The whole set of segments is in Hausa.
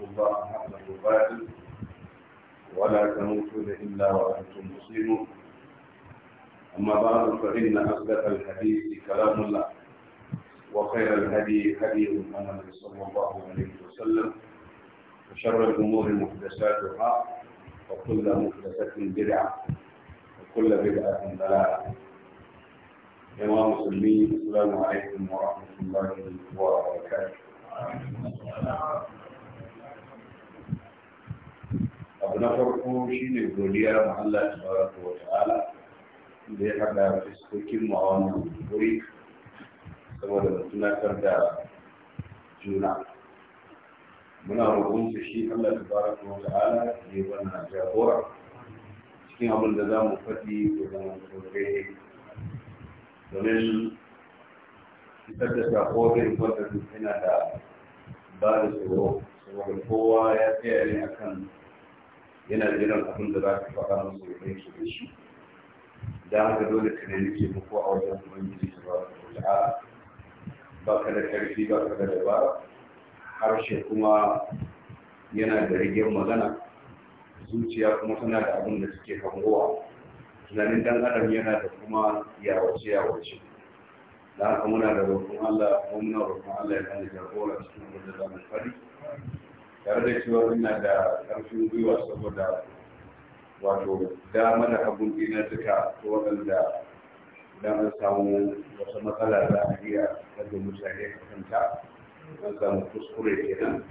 واتقوا الله حق تقاته ولا تموتن إلا وأنتم مسلمون أما بعد فإن أصدق الحديث كلام الله وخير الهدي هدي محمد صلى الله عليه وسلم وشر الأمور محدثاتها وكل محدثة بدعة وكل بدعة ضلالة يا مسلمين السلام عليكم ورحمة الله وبركاته abu na farko ne godiya ma Allah ta wata ala da ya haɗa fuskokin mu a wannan wuri saboda mu tunatar da juna muna roƙon sa shi Allah wata ala. ta'ala ya na jagora cikin abin da za mu faɗi ko zama sosai domin fitar da sako zai kwanta yana da ba da tsoro saboda kowa ya tsaya ne akan yana jiran abin da za ka faɗa musu ya kai su da shi da haka dole ka nemi ko a wajen ubangiji ta ba da a ba ka da karfi ba ka da dabara harshe kuma yana da rigiyar magana zuciya kuma tana da abin da suke hangowa tunanin dan adam yana da kuma yawace yawace da haka muna da roƙon Allah kuma muna roƙon Allah ya kan jagora cikin wanda za mu fari tare da cewa ina da ƙarfin gwiwa saboda wato dama da hagun ina duka ko waɗanda idan samu wata matsala za a iya ɗaga mutane ka kanta an samu kuskure kenan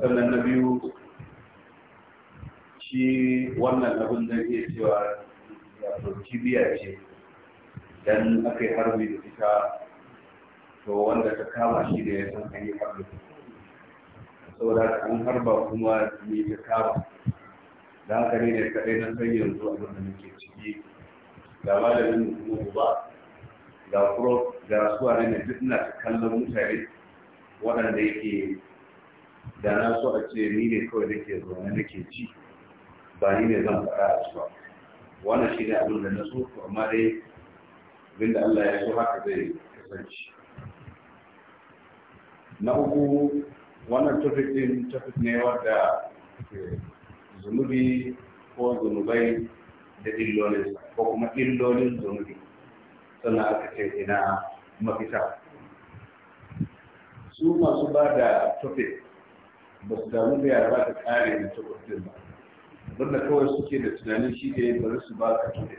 sannan na biyu shi wannan abin da iya cewa wato kibiya ce dan aka yi harbi da ita to wanda ta kama shi da ya san an yi harbi saboda an harba kuma ne ta kawo. da haka ne da kaɗai na san yanzu abin da muke ciki ga malamin kuma guba ga kuro ga suwa ne na duk na kallon mutane waɗanda yake da na so a ce ni ne kawai nake zaune nake ci ba ni ne zan faɗa a ba wannan shi ne abin da na so amma dai abinda Allah ya so haka zai kasance na uku wannan tafiye din tafiye ne wadda zunubi ko zunubai da illolin ko kuma illolin zunubi suna aka ce ina mafita su masu ba da tafiye ba su damu da yara ba ta kare da tafiye ba don da kawai suke da tunanin shi ne bari su ba ka tafiye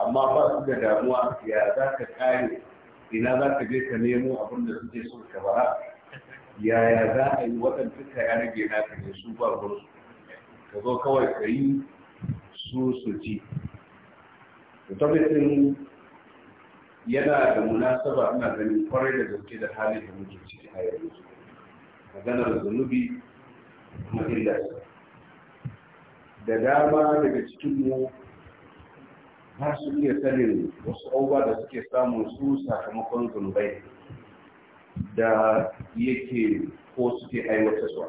amma ba su da damuwa ya za ka kare ina za ka je ka nemo abin da suke so ka yaya za a yi waɗanda ta yana rage na ne su ba su? ka zo kawai ka yi su su ji. da tabbatin yana da munasaba ina ganin kwarai da gaske da halin da muke ciki a yanzu maganar zunubi kuma illa da dama daga cikinmu har su iya sanin wasu auba da suke samun su sakamakon zunubai da yake ko suke aiwatarwa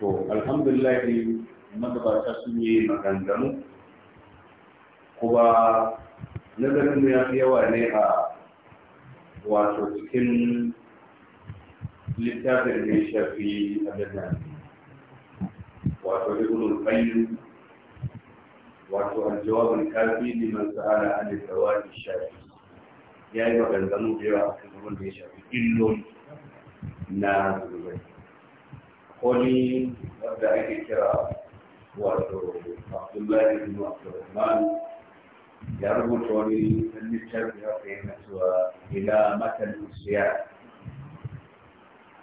to alhamdulillah magabata sun yi maganganu kuma nazarinmu ya fi yawa ne a wato cikin littafin da shafi adana wato ibn qayyim wato aljawabin kafin kafi liman sa'ala an shafi ya yi maganganu da yawa cikin abin da ya shafi illoli na zubai akwai wanda ake kira wato abdullahi bin abdurrahman ya rubuta wani ɗan littafi haka na cewa ila matan siya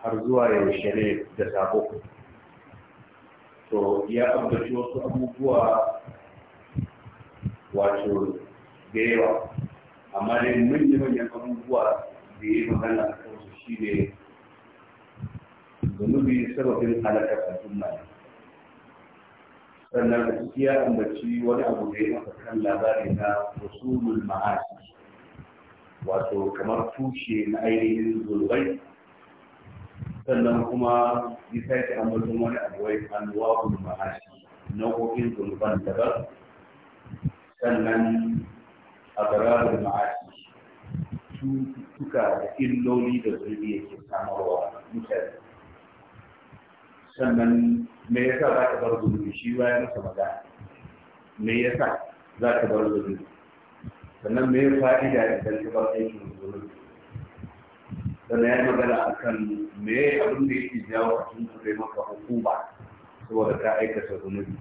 har zuwa yaushe ne da sabo to ya ambaci wasu abubuwa wato da yawa amma dai manya-manyan abubuwa da ya magana a kansu shi ne zunubi sababin halakar al'umma ne sannan da ciki ya ambaci wani abu da ya maka kan labari na rasulul ma'asi wato kamar tushe na ainihin zurbai sannan kuma ya sake ambacin wani abu wai anwa'ul ma'asi nau'o'in zurban daban sannan a أضرار المعاصي cututtuka da illoli da zurbi yake samarwa mutane sannan me yasa za ka bar zunubi shi ba ya masa magana me yasa za ka bar zunubi sannan me fa'ida idan ka bar aikin zunubi sannan ya magana a kan me abin da yake jawo a cikin kure maka hukuma saboda ka aikata zunubi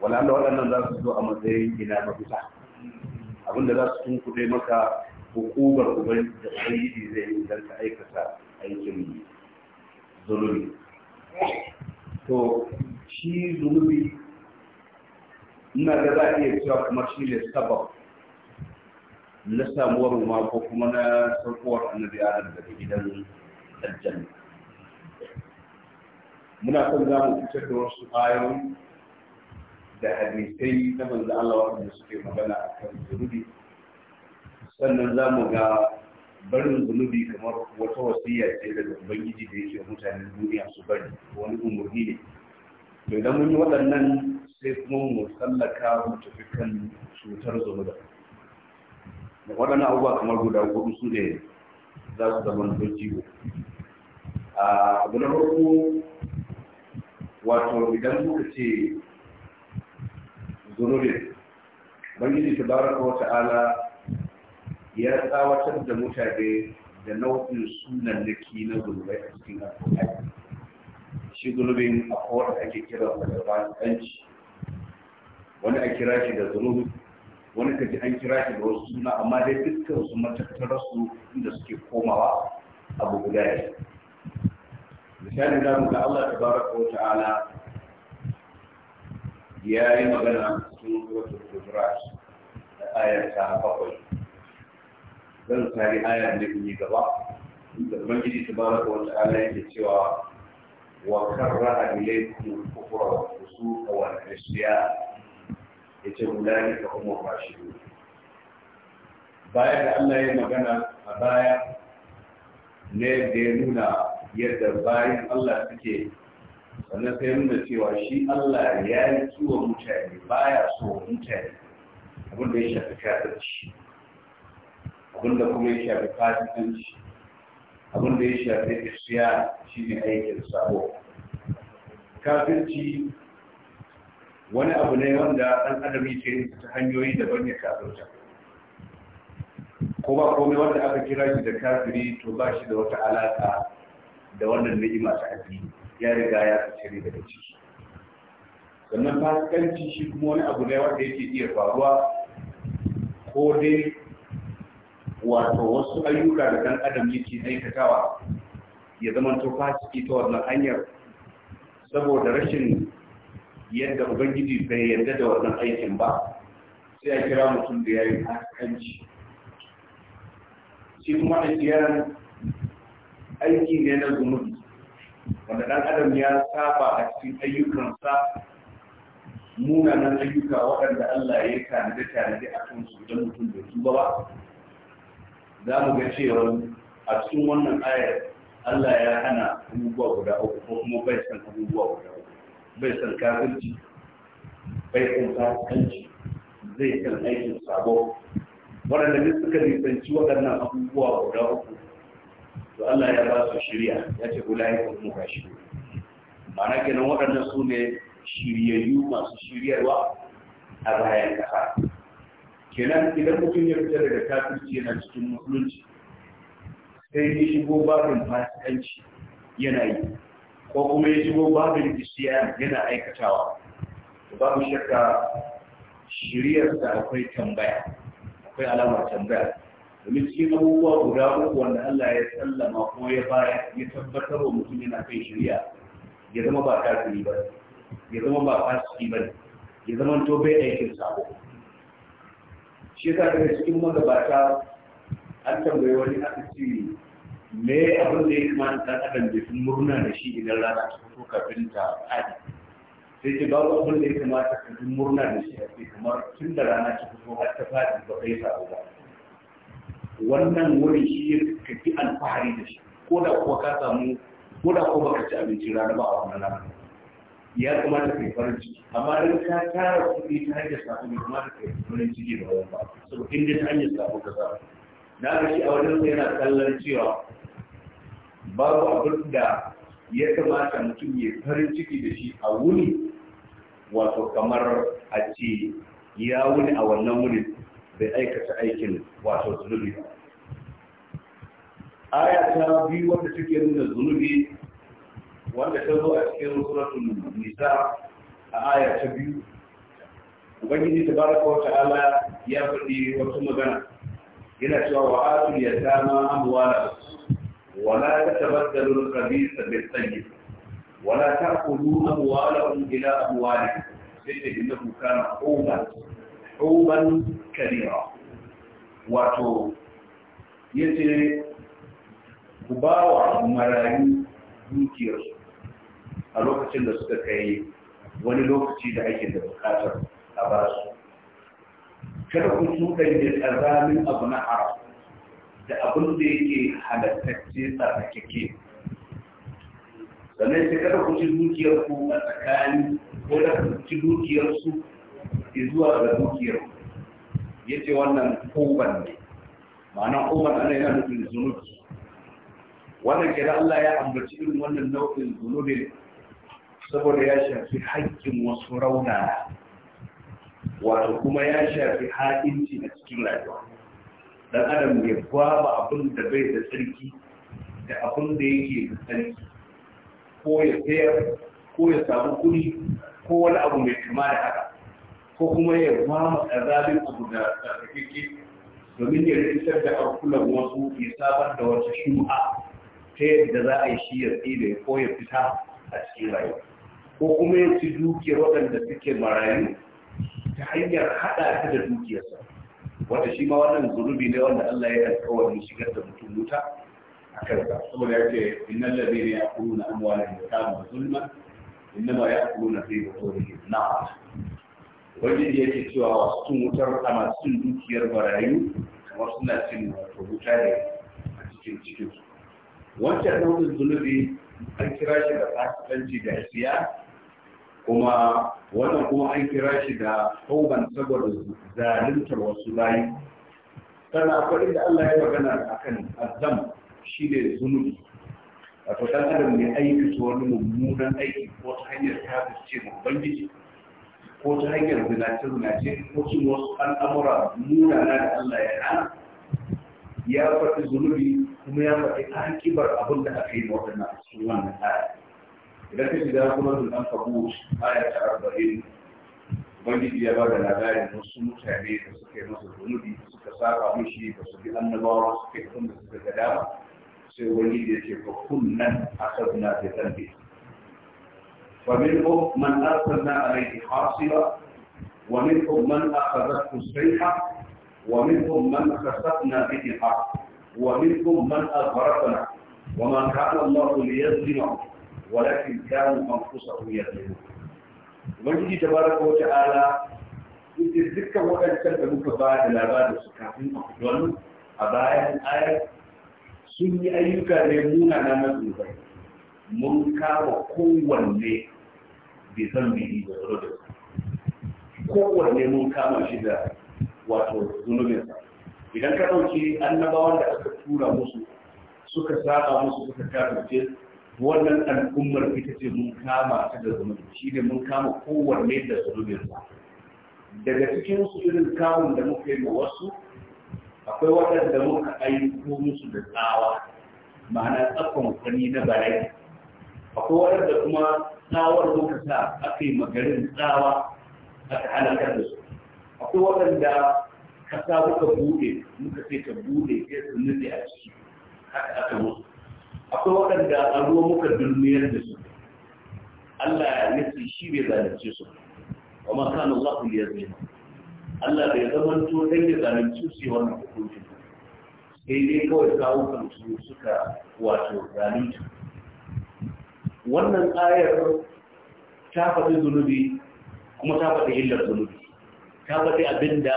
wala da waɗannan za su zo a matsayin gina mafita abinda za su tunkuɗe maka hukumar ubangiji zai yi don ka aikata aikin zunubi to shi zulubi ina da za a iya cewa kuma shi ne sabab na samuwar ma ko kuma na sarkowar annabi adam daga gidan aljanna muna son za mu fitar da wasu ayoyi da hadisai na manzo Allah wanda suke magana kan zunubi sannan za mu ga barin zunubi kamar wata wasiya ce daga ubangiji da yake mutanen duniya su bari wani umurni ne to idan mun yi waɗannan sai kuma mu tsallaka mu tafi kan cutar zunubi da waɗannan abubuwa kamar guda hudu su ne za su zama nufin A ah, abu na farko wato idan muka ce zunubi bangiji baraka wa ta'ala ya tsawatar da mutane da nau'in sunan naki na zunubai a cikin alfahari shi zunubin a kowace ake kira da ɗanci. wani a kira shi da zunubi wani ka ji an kira shi da wasu suna amma dai dukkan su matattarar su inda suke komawa abu guda ne misali na ga Allah baraka wa ta'ala ya yi magana cikin suratul hujurat da ayar ta bakwai zan sari ayar da yi gaba gidi ta ubangiji tabaraka wa ta'ala yake cewa wa karraha ilaykum al-kufra wa fusuqa wa al-isyan yace ulaika kuma rashidun bayan da Allah ya magana a baya ne da ya nuna yadda bayan Allah suke wannan sai nuna cewa shi Allah ya yi kiwon mutane baya so mutane abinda ya shafi kafirci abinda kuma ya shafi fasikanci abinda ya shafi isiya shi ne aikin sabo kafirci wani abu ne wanda ɗan adam yake ta hanyoyi daban ya kafirta ko ba komai wanda aka kira shi da kafiri to ba shi da wata alaka da wannan ni'ima ta addini ya riga ya fice daga ciki sannan fasikanci shi kuma wani abu ne wanda yake iya faruwa ko dai wato wasu ayyuka da dan adam yake aikatawa ya zama to fasiki ta wannan hanyar saboda rashin yadda ubangiji bai yarda da wannan aikin ba sai a kira mutum da ya yi fasikanci shi kuma a aiki ne na zunubi wanda dan adam ya saba a cikin ayyukansa munanan ayyuka waɗanda Allah ya tanadi tanadi a kan su idan mutum bai tuba ba za mu ga cewa a cikin wannan ayar Allah ya hana abubuwa guda uku ko kuma bai san abubuwa guda uku bai san kafirci bai san fasikanci zai san aikin sabo waɗanda duk suka nisanci waɗannan abubuwa guda uku to Allah ya ba su shirya ya ce ulai ko mu gashi ma'ana kenan waɗannan su ne shiryayyu masu shiryarwa a bayan ƙasa kenan idan mutum ya fita daga kafirci yana cikin musulunci sai ya shigo babin fasikanci yana yi ko kuma ya shigo babin isiya yana aikatawa babu shakka shiryarsa akwai tambaya akwai alamar tambaya domin cikin abubuwa guda uku wanda Allah ya sallama ko ya baya ya tabbatar wa mutum yana kan shirya ya zama ba kafiri ba ya zama ba fasiki ba ya zama to bai aikin sabo shi yasa daga cikin magabata an tambaye wani aka ce me abin da ya kamata ta adam da sun murna da shi idan rana ta fito kafin ta tsari sai ce babu abin da ya kamata ka murna da shi a kamar tun da rana ta fito har ta fadi ba kai sabo ba wannan wurin shi ya kafi alfahari da shi ko da kuwa ka samu ko da kuwa baka ci abinci rana ba a wannan rana ya kamata ka yi farin ciki amma dan ka tara kuɗi ta hanyar sabo ne kamata ka yi farin ciki da wani ba saboda inda ta hanyar sabo ka samu na ga shi a wajen sa yana kallon cewa babu abin da ya kamata mutum ya farin ciki da shi a wuni wato kamar a ce ya wuni a wannan wurin bai aikata aikin wato zunubi aya ta biyu wanda suke nuna zunubi wanda ta zo a cikin suratul nisa a aya ta biyu ubangiji tabaraka wa ta'ala ya faɗi wata magana yana cewa wa ya yatama amwala wa la tatabaddalu al-khabitha bil-tayyib wa la ta'khudhu amwalahum ila amwalikum kuka kana qawlan uban kabira wato yace ku ba wa marayu dukiyarsu a lokacin da suka kai wani lokaci da ake da bukatar a ba su kada ku tuɗan da tsazamin abu na haram da abin da yake halattacce tsarkake sannan sai kada ku ci dukiyarku a tsakani ko da ku ci dukiyarsu zuwa ga dukiyar ya ce wannan kuban ne ma'ana kuban ana yana nufin zunubi wannan kira Allah ya ambaci irin wannan nau'in zunubi saboda ya shafi haƙƙin wasu raunana wato kuma ya shafi haƙinci na cikin rayuwa dan adam ya gwaba abin da bai da tsarki da abin da yake da tsarki ko ya tsayar, ko ya samu kuri ko wani abu mai kama da haka ko kuma ya mamu mu azabin abu da tsarkakeke domin ya rikitar da arkulan wasu ya sabar da wata shu'a ta yadda za a yi shi ya tsire ko ya fita a cikin rayuwa ko kuma ya ci dukiyar waɗanda suke marayu ta hanyar haɗa ta da dukiyarsa Wata shi ma wannan zunubi ne wanda Allah ya alƙawarin shigar da mutum wuta a kansa saboda ya ce innal ladina ya'kuluna amwalahum yatama zulman innama ya'kuluna fi butunihim na'am wajen da yake cewa wasu cin wutar a masu cin dukiyar barayu kamar suna cin wato wuta ne a cikin cikin su wancan nau'in zunubi an kira shi da fasikanci da siya kuma wannan kuma an kira shi da tauban saboda zaluntar wasu bayi Tana akwai da Allah ya magana a akan azam ne zunubi wato ɗan adam ne su wani mummunan aiki ko ta hanyar ce mu ubangiji ko ta hanyar zinace ce ko su wasu al'amura na da Allah ya hana ya faɗi zunubi kuma ya faɗi an kibar abin da aka yi da waɗannan cikin wannan aya idan ka shiga kuma zunan kabu aya ta arba'in ubangiji ya ba da labarin wasu mutane da suka yi masa zunubi suka saba mishi da su bi annabawa suka yi abin da suka ga dama sai ubangiji ya ce ba kunnan asabna da zambe فمنهم من أرسلنا عليه حاصلة ومنهم من أخذته السيحة ومنهم من خسفنا به الأرض ومنهم من أغرقنا وما كان الله ليظلمهم ولكن كانوا أنفسهم يظلمون ومجد تبارك وتعالى إذ ذكى وأن سلف مكفاة العباد السكاتين أخذون أباية الآية سني أيك ريمون على مدنك من كان قوة bi zambihi da mun kama shi da wato zunubinsa idan ka ɗauki annabawan da aka tura musu suka saba musu suka kafirce wannan al'ummar ita ce mun kama ta da zunubi shi ne mun kama kowanne da zunubinsa daga cikin su irin kamun da muka yi wasu akwai waɗanda muka aiko musu da tsawa ma'ana tsakon kwani na bala'i akwai waɗanda kuma tsawar muka sa aka yi magarin tsawa aka halakar da su akwai waɗanda kasa muka buɗe muka sai ta buɗe sai su nufi a ciki haka aka musu akwai waɗanda a ruwa muka dulmiyar da su Allah ya ce shi bai zalunce su wa ma kana Allah ya zalima Allah bai zamanto dan ya zalunce su wannan hukuncin sai dai kawai kawo kan su suka wato zalunta wannan ayar ta faɗi zunubi kuma ta faɗi illar zunubi ta faɗi abinda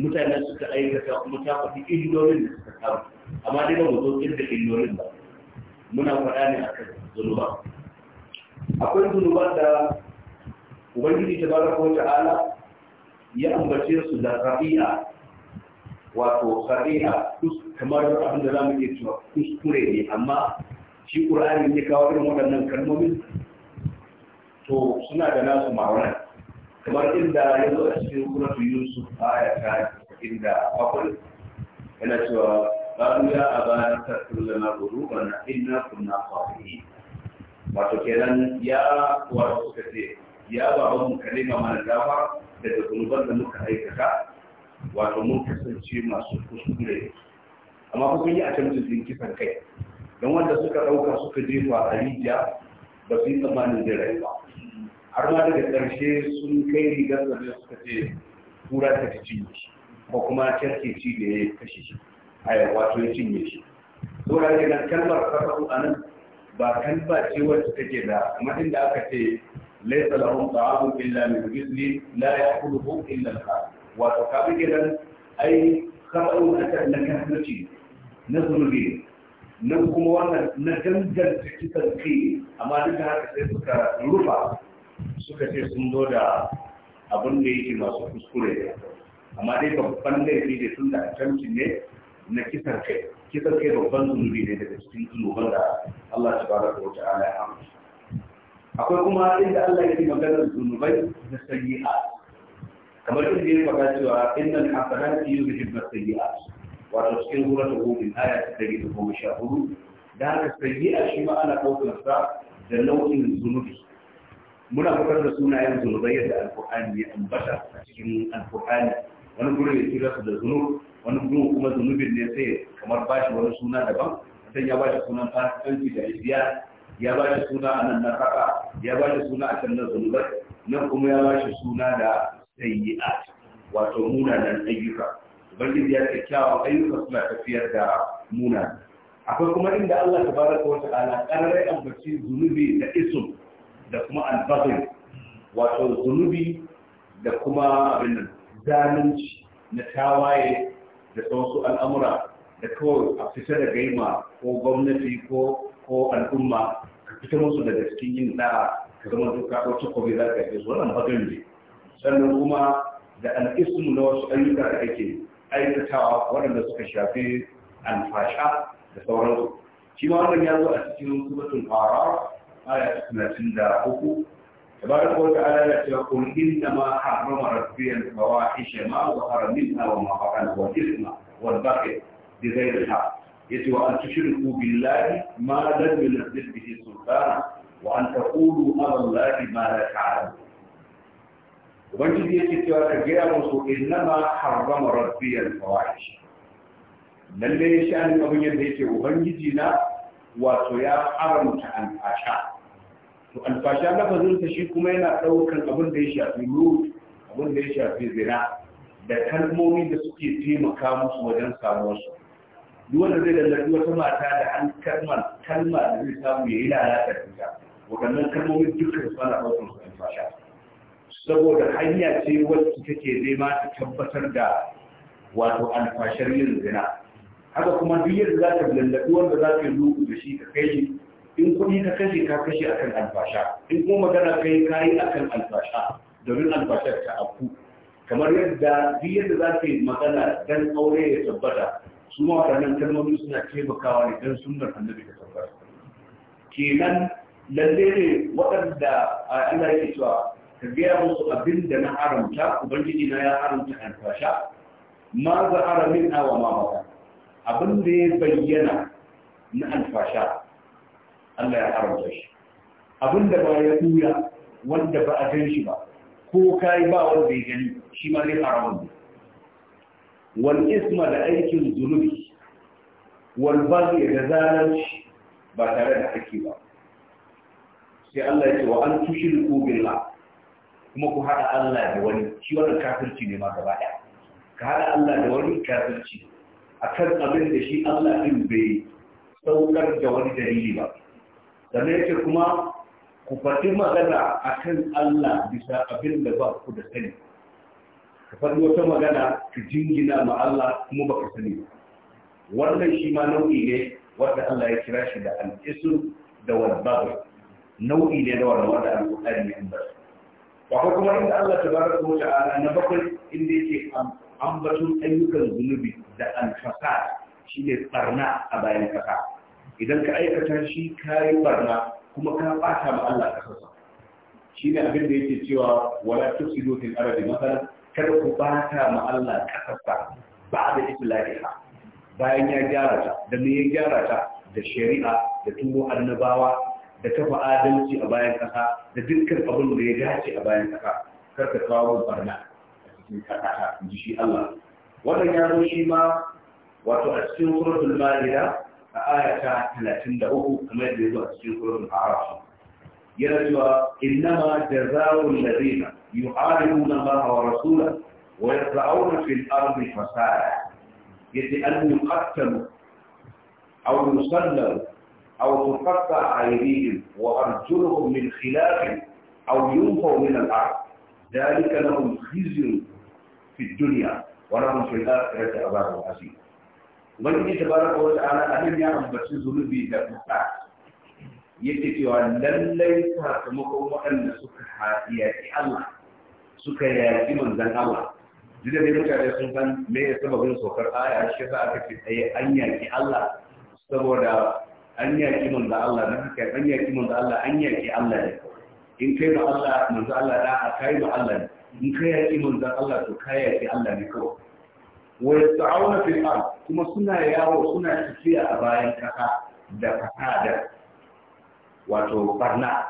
mutane suka aikata kuma ta faɗi illolin da suka samu amma dai ba mu zo da illolin ba muna faɗa ne a kan zunuba akwai zunuban da ubangiji ta bara ko ta'ala ya ambace su da rabi'a wato rabi'a kamar abin da za mu iya cewa kuskure ne amma shi ƙur'ani ya kawo irin waɗannan kalmomin to suna da nasu ma'aunar kamar inda ya zo a cikin suratu yusuf ya ta inda bakwai yana cewa qalu ya abana tasir lana na inna kunna kwafi. wato kenan ya wato suka ce ya ba mu kalima mana dafa daga gulubar da muka aikata wato mun kasance masu kuskure amma kuma yi a can kisan kai don wanda suka ɗauka suka jefa a rijiya ba su yi tsammanin zai rayu ba har ma daga ƙarshe sun kai rigar da suka ce kura ta ci cinye shi ko kuma kyarke ci da ya kashe shi a wato ya cinye shi Dole ke nan kalmar kafaru a nan ba kalma ce wacce take da kamar inda aka ce laisa lahum ta'amun illa min ghisli la ya'kuluhu illa al-kafir wato kafin gidan ai kafaru a kan na kafirci na nan kuma wannan na danganta kisan kai amma duk da haka sai suka rufa suka ce sun zo da abin da yake masu kuskure amma dai babban laifi ne tun da attempting ne na kisan kai kisan kai babban zunubi ne daga cikin zunuban da Allah tabaraka wa ala ya amince akwai kuma inda Allah yake maganar zunubai da sayyi'a kamar inda ya faɗa cewa innal hasanati yuzhibu sayyi'at wato cikin sura ta na ya ta dari da goma sha hudu da haka shi ma ana ɗaukar sa da nau'in zunubi muna fitar da sunayen zunubai yadda alƙur'ani ya ambata a cikin alƙur'ani wani gurin ya kira su da zunub wani gurin kuma zunubin ne sai kamar ba shi wani suna daban sai ya ba shi sunan fasikanci da ibiya ya ba shi suna a nan na kaka ya ba shi suna a can na zunubai nan kuma ya ba shi suna da sayyi'a wato munanan ayyuka ubangiji ya ce ayyuka suna tafiyar da muna akwai kuma inda Allah ta baraka wa ta'ala ƙararrai ambaci zunubi da isum da kuma albaghi wato zunubi da kuma abin zalunci na tawaye da sauransu al'amura da kawai a fita da gaima ko gwamnati ko ko al'umma ka fita musu daga cikin yin da'a ka zama duka ko takobi za ka yi su wannan bagan ne sannan kuma da al'ismu na wasu ayyuka da ake aikatawa waɗanda suka shafi alfasha da sauransu shi ma wannan ya zo a cikin suratul fara aya ta 33 tabaraka wa ta'ala ya ce qul inna ma harrama rabbi al fawahisha ma zahara minha wa ma batana wa isma wal baqi bi ghayri al haqq yace wa an tushriku billahi ma lam yunzil bihi sultana wa an taqulu ala allahi ma la ta'lamun ubangiji ce cewa ka gaya musu innama harrama rabbi al-fawahish lalle sha'anin abin yadda yake ubangiji na wato ya haramta alfasha to alfasha lafazin ta shi kuma yana daukan abin da ya shafi lut abin da ya shafi zina da kalmomi da suke taimaka musu wajen samuwar su duk wanda zai lallabi wata mata da an karma kalma da zai samu ya yi lalata da ita waɗannan kalmomin dukkan su ana ɗaukar su alfasha saboda hanya ce wacce take nema ta tabbatar da wato alfashar yin zina haka kuma duk yadda za ka lallabi wanda za ka yi da shi ka kai shi in kuɗi ka kashe ka kashe akan alfasha in kuma magana kai ka yi akan alfasha domin alfashar ta afku kamar yadda duk yadda za ka yi magana dan aure ya tabbata su ma waɗannan kalmomi suna taimakawa ne dan sunnar annabi ta tabbata kenan lalle ne waɗanda Allah yake cewa ka gaya musu abin da na haramta ubangiji na ya haramta alfasha ma za a awa ma ba abin da ya bayyana na alfasha Allah ya haramta shi abin da ba ya tura wanda ba a gan shi ba ko kai ba wanda ya gani shi ma zai haramun ne wal isma da aikin zunubi wal baghi da shi ba tare da aiki ba sai Allah ya ce wa an tushriku billah kuma ku haɗa Allah da wani shi wani kafirci ne ma gaba ɗaya ka haɗa Allah da wani kafirci akan abin da shi Allah ɗin bai saukar da wani dalili ba sannan yake kuma ku faɗi magana a kan Allah bisa abin da ba ku da sani ka faɗi wata magana ka jingina ma Allah kuma ba ka sani wannan shi ma nau'i ne wanda Allah ya kira shi da al da wani babu. nau'i ne da wannan wanda al ya ambata akwai kuma inda Allah ta baraka wa ta'ala na bakwai inda yake ambaton ayyukan zunubi da alfasa shi ne barna a bayan kasa idan ka aikata shi ka yi barna kuma ka bata ma Allah ka sassa shi ne abin da yake cewa wala tufsidu fil ardi masalan kada ku bata ma Allah ka sassa ba da islahiha bayan ya gyara ta da me ya gyara ta da shari'a da tumo annabawa da kafa adalci a bayan kasa da dukkan abin da ya dace a bayan kasa kar ka kawo barna a cikin kasa in ji shi Allah wannan ya zo shi ma wato a cikin suratul ma'ida a aya ta 33 kamar da ya zo a cikin suratul a'raf yana cewa innama jazaa'u alladhina yu'ariduna Allah wa rasulahu wa yasra'una fil ardi fasada yace an yuqattalu aw yusallabu أو تقطع أيديهم وأرجلهم من خلاف أو ينفوا من الأرض ذلك لهم خزي في الدنيا ولهم في الآخرة عذاب عظيم ubangiji tabaraka wa ta'ala anan ya ambaci zunubi da kuka yake cewa lallai sakamakon waɗanda suka yaƙi Allah suka yaƙi manzan Allah duk da mutane sun san me ya sababin saukar aya shi a aka ce tsaye an yaƙi Allah saboda an yaƙi manzo Allah na haka an yaƙi manzo Allah an yaƙi Allah ne in kai ba Allah manzo Allah da a kai ba Allah ne in kai yaki manzo Allah to kai ki Allah ne ko wa yasta'una fil ard kuma suna yawo suna tafiya a bayan kasa da fasada wato barna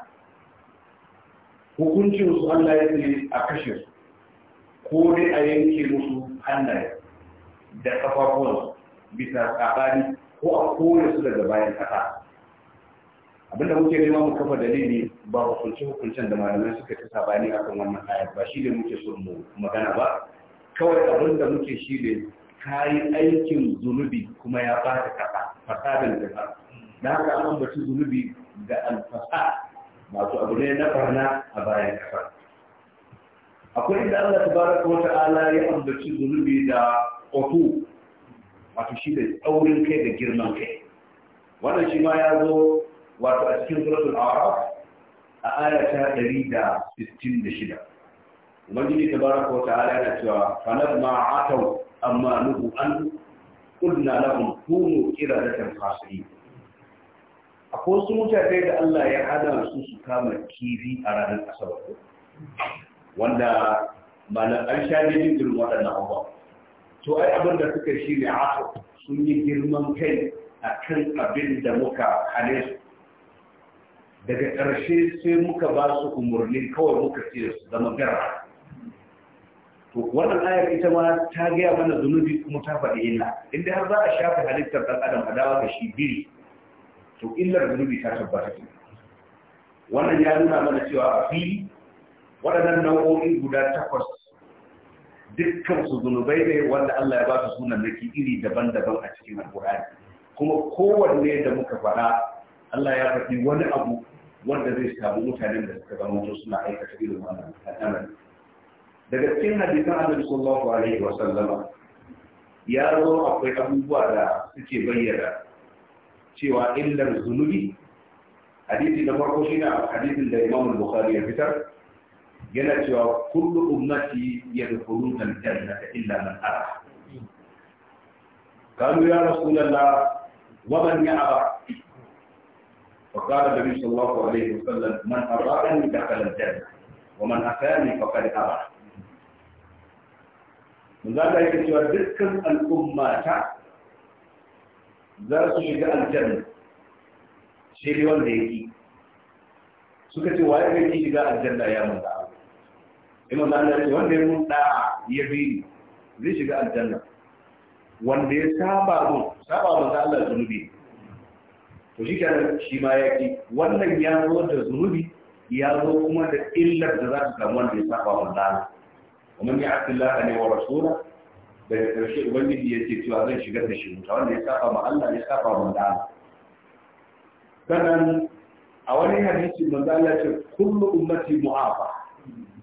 hukuncin su Allah ya ce a kashe su ko dai a yanke musu hannaye da kafafuwansu bisa tsabani ko a kore su daga bayan kasa. abinda muke nema mu kafa dalili ba hukunci hukuncin da malamai suka ci sabani akan wannan ayar ba shi ne muke so mu magana ba kawai abinda muke shi ne kayi aikin zunubi kuma ya bata kasa fasadin ba da haka an ambaci zunubi da alfasa masu abu ne na farna a bayan kasa. akwai inda Allah ta baraka wata ta'ala ya ambaci zunubi da otu wato shi ne tsaurin kai da girman kai wannan shi ma ya zo wato a cikin suratul araf a aya ta 166 ubangiji tabaraka ta ta'ala yana cewa falamma atau amma nuhu an qulna lahum kunu qiradatan khasirin akwai su mutane da Allah ya hada su su kama kifi a ranar asabar wanda na an sha ne jirgin waɗannan abubuwa to ai abin da suka shi ne aso sun yi girman kai a kan abin da muka hane su daga ƙarshe sai muka ba su umarni kawai muka ce su zama gara to wannan ayar ita ma ta gaya mana zunubi kuma ta faɗi illa inda har za a shafe halittar ɗan adam a dawa ga shi biri to illar zunubi ta tabbata ce wannan ya nuna mana cewa a fili waɗannan nau'o'i guda takwas dukkan su zunubai ne wanda Allah ya ba su sunan ke iri daban-daban a cikin alkur'ani kuma kowanne da muka faɗa Allah ya faɗi wani abu wanda zai samu mutanen da suka zama suna aikata irin wannan al'amari daga cikin hadisan Annabi sallallahu alaihi wa sallama ya zo akwai abubuwa da suke bayyana cewa illar zunubi hadisi na farko shine hadisin da Imam Bukhari ya fitar yana cewa kullu ummati yadkhuluna al-jannata illa man aba قالوا يا رسول الله ومن يأبى فقال النبي صلى الله عليه وسلم من أراني دخل الجنة ومن أتاني فقد أرى من ذلك يكتب ذكر الأمة za su shiga aljanna shi ne wanda ya ki suka ce waye kai ki shiga aljanna ya manta ina da Allah ce wanda ya mun da ya bi zai shiga aljanna wanda ya saba mun saba mun da Allah zunubi to shi kenan shi ma ya ki wannan ya zo da zunubi ya zo kuma da illar da za ta samu wanda ya saba mun da Allah kuma ya akilla ne wa rasula da ƙarshe ubangiji yake ce cewa zan shigar da shi mutawa wanda ya saba mun Allah ya saba mun da sannan a wani hadisi manzo Allah ce kullu ummati mu'afa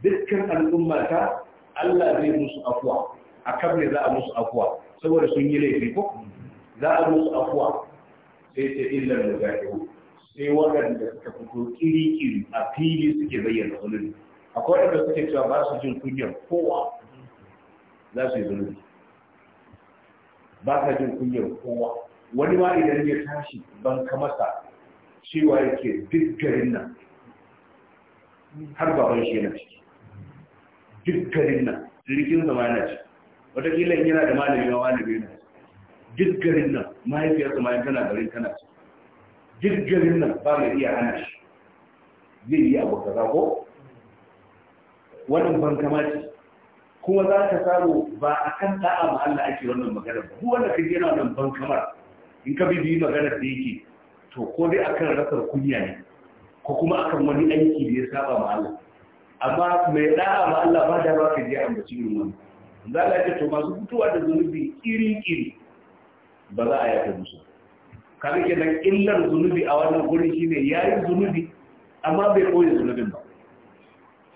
dukkan al'umma ta Allah zai musu afuwa a kan za a musu afuwa saboda sun yi laifi ko za a musu afuwa sai ta illar da zahiru sai waɗanda suka fito kiri-kiri a fili suke bayyana A kawai da suke cewa ba su jin kunyar kowa za su yi zunubi. ba ka jin kunyar kowa wani ma idan ya tashi ban kamasa cewa yake duk garin nan har baban shi yana ciki duk garin nan sirikin zama yana ci watakila yana da malami ma malami na duk garin nan mahaifiyarsa ma tana garin tana ci duk garin nan ba mai iya hana shi zai yi abu kaza ko wannan ban kamaci kuma za ka samu ba a kan da'a ma Allah ake wannan magana ba duk wanda kake yana wannan ban kamar in ka bibiyi maganar da yake to ko dai akan rasar kunya ne ko kuma akan wani aiki da ya saba ma Allah amma mai da'a ma Allah ba da ba ka je ambaci irin nan za ka ce to masu fitowa da zunubi iri-iri ba za a yafe musu rike nan illar zunubi a wannan gurin shine yayin zunubi amma bai koyi zunubin ba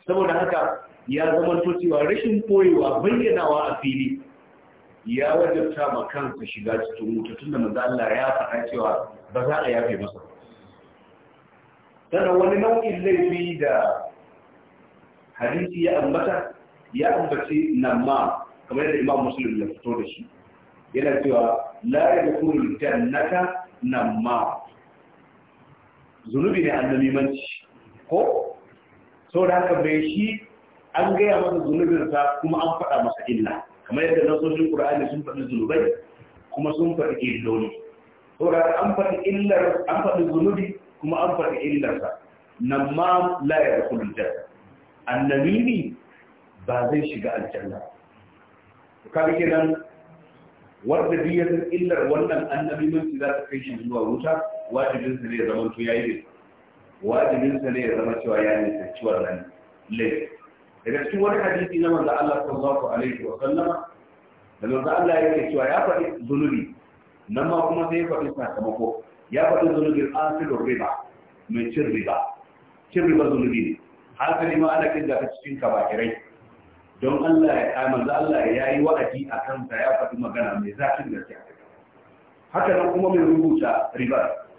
saboda haka ya zama to cewa rashin koyewa bayyanawa a fili ya wajabta ma kansa shiga cikin wuta tunda manzo Allah ya faɗa cewa ba za a yafe masa sannan wani nau'in laifi da hadisi ya ambata ya ambaci namma kamar yadda imam muslim ya fito da shi yana cewa la yadkhulul jannata namma zunubi ne annamimanci ko so da haka bai shi an gaya masa zunubinsa kuma an faɗa masa illa kamar yadda nasoshin qur'ani sun faɗi zunubai kuma sun faɗi illoli so da an faɗi illar an faɗi zunubi kuma an faɗi illarsa namma la yadkhulul jannata annamimi ba zai shiga aljanna kaga kenan wanda biyar illar wannan annamimanci za ta kai shi zuwa wuta wajibin sa ne ya zama to yayi wajibin sa ne ya zama cewa ya ne tsanci wannan laifi daga cikin wani hadisi na manzo Allah sallallahu alaihi wa sallama da manzo Allah yake cewa ya faɗi zunubi nan ma kuma sai ya faɗi sakamako ya faɗi zunubin asirin riba mai cin riba cin riba zunubi ne hasali ma ana kin zaka cikin kabakirai don Allah ya kai manzo Allah ya yi wa'adi a kansa ya faɗi magana mai zafin gaske haka nan kuma mai rubuta riba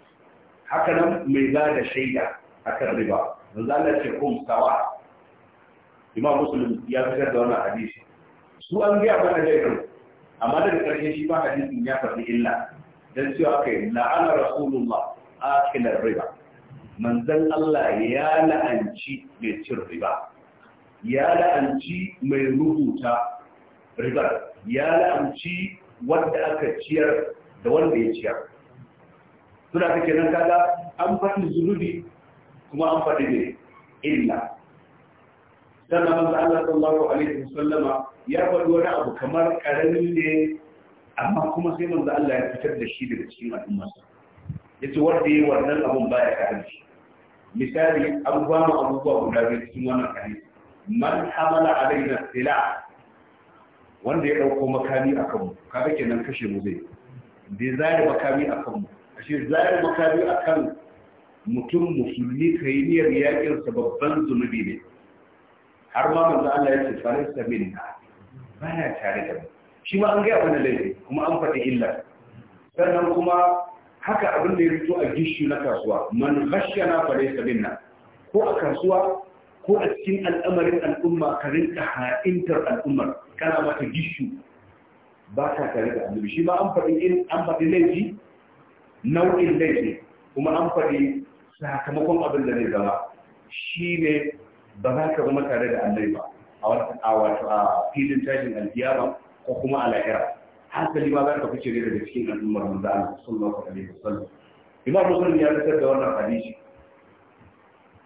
haka nan mai ba da shaida akan riba manzo Allah ce kun sawa imam muslim ya fi da wannan hadisi su an gaya mana da amma daga ƙarshe shi ba hadisin ya faɗi illa don cewa kai la'ana rasulullah akilar riba manzon Allah ya la'anci mai cin riba ya la'anci mai rubuta riba. ya la'anci wanda aka ciyar da wanda ya ciyar suna ka kenan kada an faɗi zunubi kuma an faɗi ne illa sannan manzo Allah sallallahu alaihi sallama, ya faɗi wani abu kamar ƙarami ne amma kuma sai manzo Allah ya fitar da shi daga cikin al'ummarsa yace wanda yayi wannan abun baya shi. misali an ba mu abubuwa guda biyu cikin wannan hadisi man hamala alaina sila wanda ya dauko makami a kanmu kaga kenan kashe mu zai da makami a kanmu a shi zare makami a kan mutum musulmi ka yi niyyar yakinsa babban zunubi ne har ma manzo Allah ya ce farinsa minna baya tare da mu shi ma an gaya wani laifi kuma an faɗi illa sannan kuma haka abin da ya fito a gishu na kasuwa man ghashana fa laysa minna ko a kasuwa ko a cikin al'amarin al'umma ka rinka ha'intar al'ummar kana mata gishu ba ka tare da annabi shi ma an faɗi in an faɗi laifi nau'in laifi kuma an faɗi sakamakon abin da zai zama shi ne ba za ka zama tare da annabi ba a wato a filin tashin ba, ko kuma a lahira hankali ma za ka fice ne daga cikin al'ummar manzo Allah sallallahu alaihi wasallam imam muslim ya fitar da wannan hadisi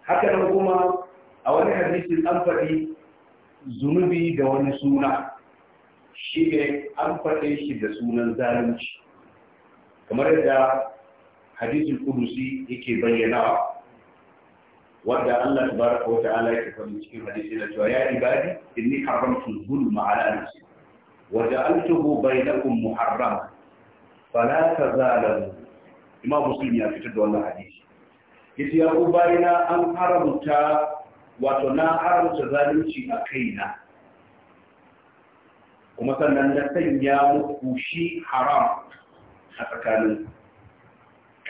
haka nan kuma a wani hadisin an faɗi zunubi da wani suna shi ne an faɗe shi da sunan zalunci kamar yadda hadisin kudusi yake bayyana wanda Allah tabaraka wa ta'ala yake faɗi cikin hadisi na cewa ya ibadi inni haramtu zulma ala nafsi وجعلته بينكم محرما فلا تزالوا إمام مسلم يفتد والله حديث yace ya ku bayina an haramta wato na haramta zalunci a kaina kuma sannan na sanya muku shi haram a tsakanin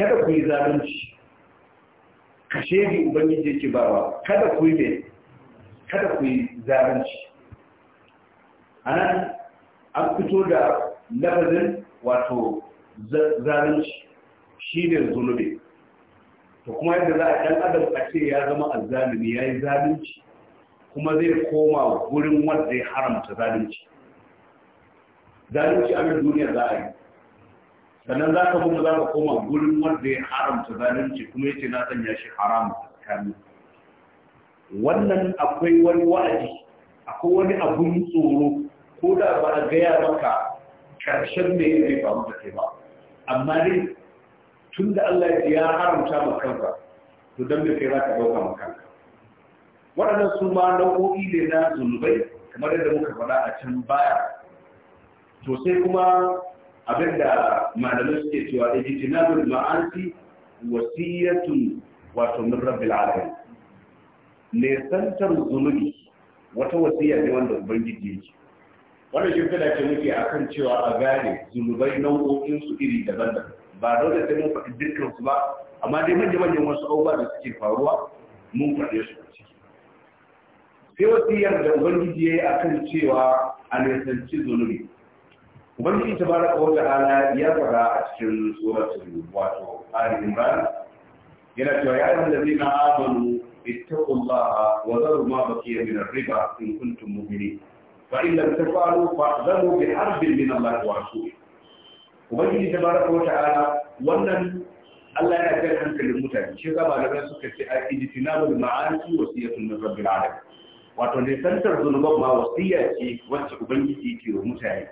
kada ku yi zalunci kashe bi ubangiji yake bawa kada ku yi kada ku yi zalunci anan an fito da lafazin wato zalunci shi ne zunubi to kuma yadda za a ɗan adam a ce ya zama azzalumi ya yi zalunci kuma zai koma gurin wanda ya haramta zalunci zalunci a nan duniya za a yi sannan za ka kuma za ka koma gurin wanda ya haramta zalunci kuma ya ce na sanya shi haram tsakani wannan akwai wani wa'adi akwai wani abun tsoro ko da ba a gaya maka ƙarshen ne zai faru da kai ba amma dai tun da Allah ya haramta ma kanka to don me kai za ka ɗauka ma kanka waɗannan su ma nau'o'i ne na zunubai kamar yadda muka faɗa a can baya to sai kuma abin da malamai suke cewa da bin ma'asi wasiyatun wato min rabbil alamin ne santar zunubi wata wasiya ne wanda ubangiji yake wannan shimfiɗa ce muke akan cewa a gane zunubai nau'o'in su iri daban-daban ba dole sai mun faɗi dukkan su ba amma dai manya-manyan wasu abubuwa da suke faruwa mun faɗe su a ciki sai wasiyar da ubangiji ya yi akan cewa a nisanci zunubi ubangiji ta ba da kawo hana ya fara a cikin tsoratun wato ali imran yana cewa ya yi da na amanu ittaqullaha wa zaru ma bakiya min riba in kuntum mu'minin فإن لم تفعلوا فاحذروا بحرب من الله ورسوله ubangiji ta baraka wa ta'ala wannan Allah yana jan hankalin mutane shi ga malamai suka ce a ijtinabul ma'asi wasiyatun min rabbil alamin wato ne zunuban ma wasiya ce wacce ubangiji ke wa mutane